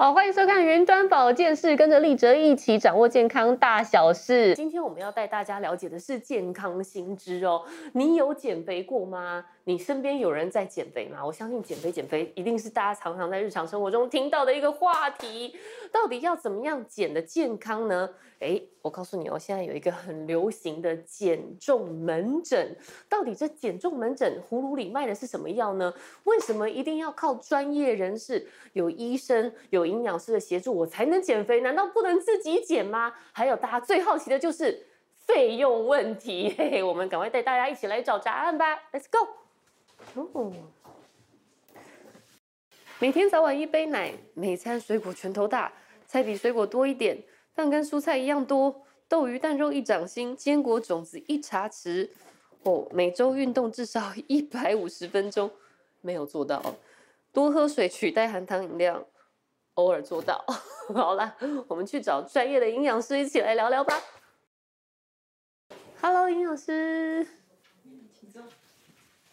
好，歡迎收看雲端保健室，跟着立喆一起掌握健康大小事。今天我們要帶大家了解的是健康新知哦。你有減肥過嗎？你身邊有人在減肥嗎？我相信減肥減肥一定是大家常常在日常生活中聽到的一個話題。到底要怎麼樣減得健康呢？哎，我告訴你哦，現在有一個很流行的減重門診，到底這減重門診葫蘆裡賣的是什麼藥呢？為什麼一定要靠專業人士，有醫生、有營養師的協助，我才能減肥？難道不能自己減嗎？還有大家最好奇的就是費用問題，嘿嘿，我們趕快帶大家一起來找答案吧，Let's go！哦。每天早晚一杯奶，每餐水果拳頭大，菜比水果多一點。飯跟蔬菜一樣多，豆魚蛋肉一掌心，堅果種子一茶匙。哦，每周運動至少一百五十分鐘，沒有做到。多喝水，取代含糖飲料，偶爾做到。 好啦，我們去找專業的營養師一起來聊聊吧。Hello，營養師，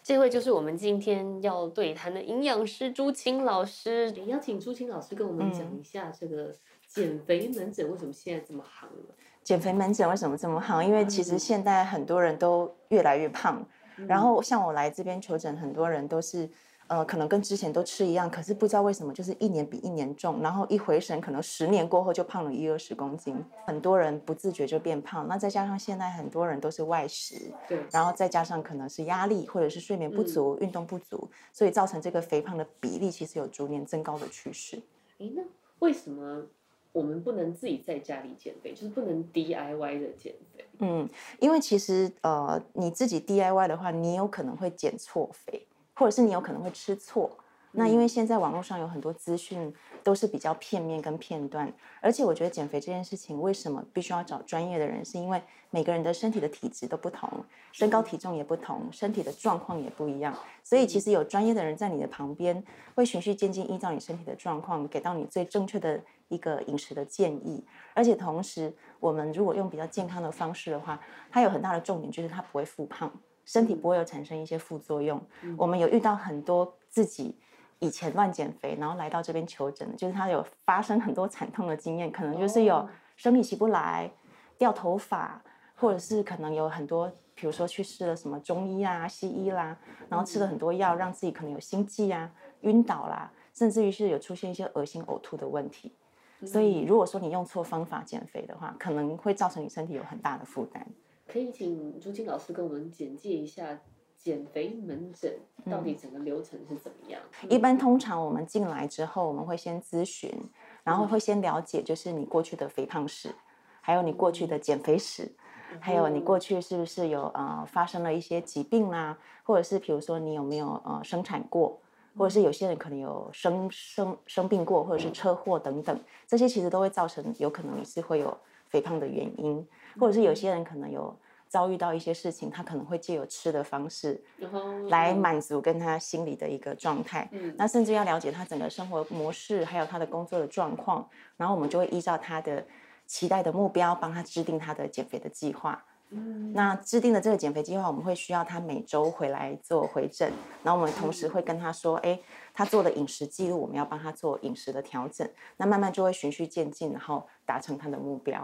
這位就是我們今天要對談的營養師朱青老師。邀請朱青老師跟我們講一下，這個減肥門診為什麼現在這麼夯了？嗯、減肥門診為什麼這麼夯？因為其實現在很多人都越來越胖，嗯、然後像我來這邊求診，很多人都是。呃，可能跟之前都吃一樣，可是不知道為什麼就是一年比一年重，然後一回神，可能十年過後就胖了一二十公斤。Okay. 很多人不自覺就變胖，那再加上現在很多人都是外食，對，然後再加上可能是壓力或者是睡眠不足，嗯、運動不足，所以造成這個肥胖的比例其實有逐年增高的趨勢。欸，那為什麼我們不能自己在家裡減肥，就是不能 DIY 的減肥？嗯，因為其實呃，你自己 DIY 的話，你有可能會減錯肥。或者是你有可能會吃錯，那因為現在網絡上有很多資訊都是比較片面跟片段，而且我覺得減肥這件事情為什麼必須要找專業的人，是因為每個人的身體的體質都不同，身高體重也不同，身體的狀況也不一樣，所以其實有專業的人在你的旁邊，會循序漸進，依照你身體的狀況給到你最正確的一個飲食的建議，而且同時我們如果用比較健康的方式的話，它有很大的重點就是它不會復胖。身體不會有產生一些副作用。嗯、我們有遇到很多自己以前亂減肥，然後來到這邊求診的，就是他有發生很多慘痛的經驗，可能就是有生理期不來、掉頭髮，或者是可能有很多，比如說去試了什麼中醫啊、西醫啦，然後吃了很多藥，讓自己可能有心悸啊、暈倒啦，甚至於是有出現一些惡心嘔吐的問題。嗯、所以，如果說你用錯方法減肥的話，可能會造成你身體有很大的負擔。可以請朱青老師跟我們簡介一下減肥門診到底整個流程是怎麼樣？嗯、一般通常我們進來之後，我們會先諮詢，然後會先了解就是你過去的肥胖史，還有你過去的減肥史，嗯、還有你過去是不是有呃發生了一些疾病啦、啊，或者是比如說你有沒有呃生產過，或者是有些人可能有生生、嗯、生病過，或者是車禍等等，這些其實都會造成有可能你是會有。肥胖的原因，或者是有些人可能有遭遇到一些事情，他可能會借由吃的方式，來滿足跟他心理的一個狀態。嗯，那甚至要了解他整個生活模式，還有他的工作的狀況，然後我們就會依照他的期待的目標，幫他制定他的減肥的計劃。嗯、那制定的這個減肥計劃，我們會需要他每週回來做回診，然後我們同時會跟他說，哎、嗯，他做的飲食記錄，我們要幫他做飲食的調整，那慢慢就會循序漸進，然後達成他的目標。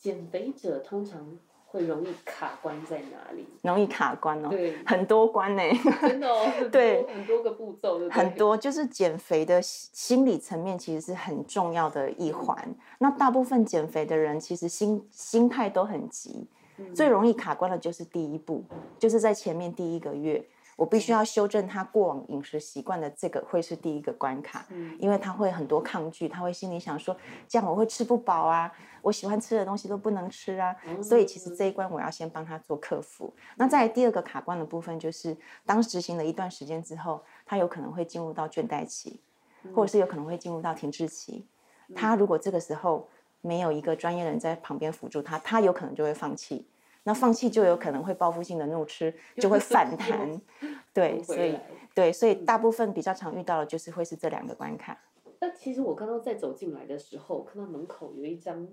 減肥者通常會容易卡關在哪裡？容易卡關哦，對，很多關呢、欸，真的哦， 對，很多個步驟的，很多就是減肥的心理層面，其實是很重要的一環。嗯、那大部分減肥的人其實心心態都很急。最容易卡關的就是第一步，就是在前面第一個月，我必須要修正他過往飲食習慣的這個會是第一個關卡，因為他會很多抗拒，他會心裡想說，這樣我會吃不飽啊，我喜歡吃的東西都不能吃啊，所以其實這一關我要先幫他做克服。那在第二個卡關的部分，就是當執行了一段時間之後，他有可能會進入到倦怠期，或者是有可能會進入到停滯期，他如果這個時候。沒有一個專業人在旁邊輔助他，他有可能就會放棄。那放棄就有可能會報復性的怒吃，就會反彈。對，所以對，所以大部分比較常遇到的就是會是這兩個關卡。那其實我剛剛在走進來的時候，看到門口有一張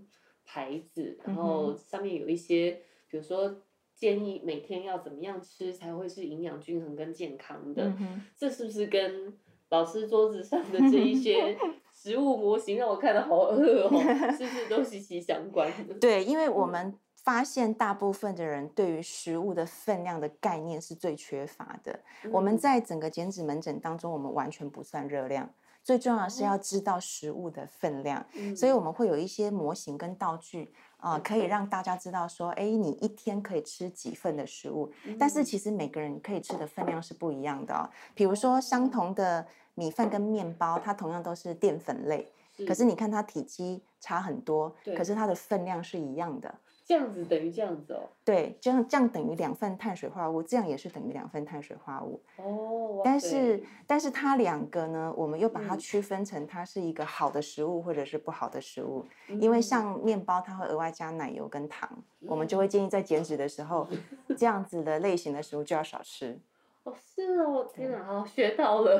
牌子，然後上面有一些，比如說建議每天要怎麼樣吃才會是營養均衡跟健康的。這是不是跟老師桌子上的這一些？ 食物模型讓我看得好餓哦，是不是都息息相關？ 對，因為我們發現大部分的人對於食物的分量的概念是最缺乏的。嗯、我們在整個減脂門診當中，我們完全不算熱量，最重要是要知道食物的分量。嗯、所以我們會有一些模型跟道具啊、嗯呃，可以讓大家知道說，誒，你一天可以吃幾份的食物。嗯、但是其實每個人可以吃的分量是不一樣的、哦。比如說相同的。米飯跟麵包，它同樣都是澱粉類，是可是你看它體積差很多，對可是它的分量是一樣的。這樣子等於這樣子哦。對，這樣這樣等於兩份碳水化合物，這樣也是等於兩份碳水化合物。哦。但是但是它兩個呢，我們又把它區分成它是一個好的食物或者是不好的食物，嗯、因為像麵包，它會額外加奶油跟糖，嗯、我們就會建議在減脂的時候，這樣子的類型的食物就要少吃。哦，是哦，天哪，哦對，學到了，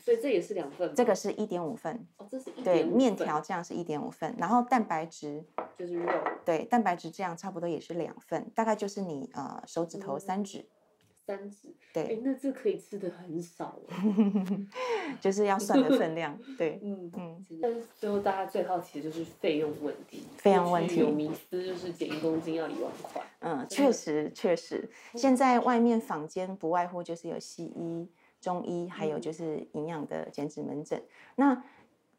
所以這也是兩份，這個是一點五份，哦，這是一點五份，對，麵條這樣是一點五份，然後蛋白質就是肉，對，蛋白質這樣差不多也是兩份，大概就是你呃手指頭三指。嗯三指，對、欸，那這可以吃得很少， 就是要算的分量， 對，嗯嗯。嗯，但是最後大家最好奇的就是費用問題，費用問題有迷思，就是減一公斤要一萬塊。嗯，對確實確實，現在外面坊間不外乎就是有西醫、中醫，嗯、還有就是營養的減脂門診。那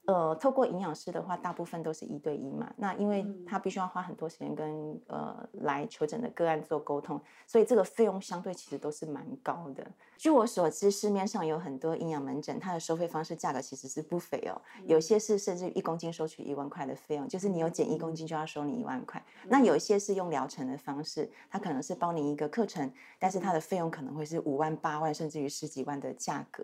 呃，透過營養師的話，大部分都是一對一嘛。那因為他必須要花很多時間跟呃來求診的個案做溝通，所以這個費用相對其實都是蠻高的。據我所知，市面上有很多營養門診，它的收費方式價格其實是不菲哦。有些是甚至於一公斤收取一萬塊的費用，就是你有減一公斤就要收你一萬塊。那有一些是用療程的方式，他可能是包你一個課程，但是它的費用可能會是五萬、八萬，甚至於十幾萬的價格，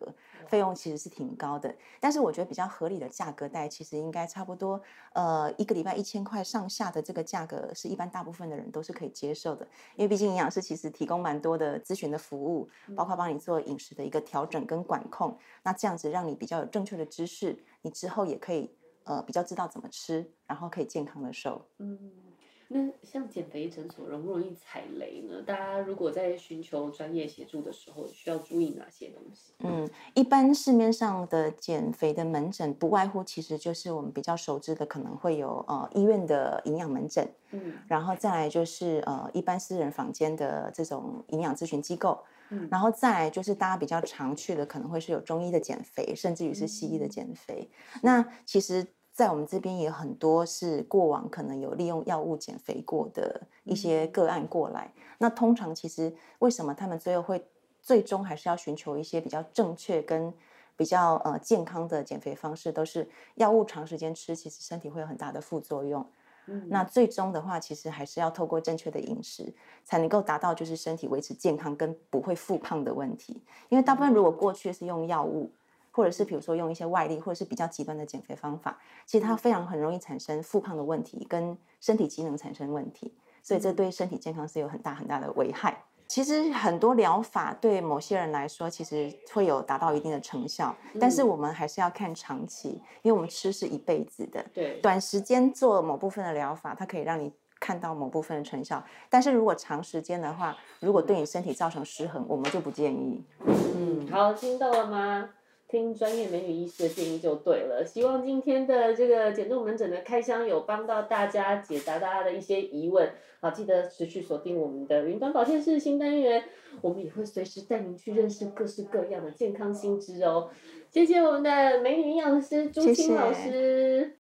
費用其實是挺高的。但是我覺得比較合理的價。價格帶其實應該差不多，呃，一個禮拜一千塊上下的這個價格，是一般大部分的人都是可以接受的。因為畢竟營養師其實提供蠻多的諮詢的服務，包括幫你做飲食的一個調整跟管控。那這樣子讓你比較有正確的知識，你之後也可以呃比較知道怎麼吃，然後可以健康的瘦。嗯。那像減肥診所容不容易踩雷呢？大家如果在尋求專業協助的時候，需要注意哪些東西？嗯，一般市面上的減肥的門診，不外乎其實就是我們比較熟知的，可能會有呃醫院的營養門診，嗯，然後再來就是呃一般私人房間的這種營養諮詢機構，嗯，然後再來就是大家比較常去的，可能會是有中醫的減肥，甚至於是西醫的減肥。嗯，那其實。在我們這邊也很多是過往可能有利用藥物減肥過的一些個案過來。嗯、那通常其實為什麼他們最後會最終還是要尋求一些比較正確跟比較呃健康的減肥方式？都是藥物長時間吃，其實身體會有很大的副作用。嗯、那最終的話，其實還是要透過正確的飲食，才能夠達到就是身體維持健康跟不會復胖的問題。因為大部分如果過去是用藥物。或者是比如說用一些外力，或者是比較極端的減肥方法，其實它非常很容易產生復胖的問題，跟身體機能產生問題，所以這對身體健康是有很大很大的危害。其實很多療法對某些人來說，其實會有達到一定的成效，但是我們還是要看長期，因為我們吃是一輩子的。對，短時間做某部分的療法，它可以讓你看到某部分的成效，但是如果長時間的話，如果對你身體造成失衡，我們就不建議。嗯，好，聽到了嗎？聽專業美女醫師的建議就對了。希望今天的這個減重門診的開箱有幫到大家，解答大家的一些疑問。好，記得持續鎖定我們的雲端保健室新單元，我們也會隨時帶您去認識各式各樣的健康新知哦。謝謝我們的美女營養師朱青老師。謝謝。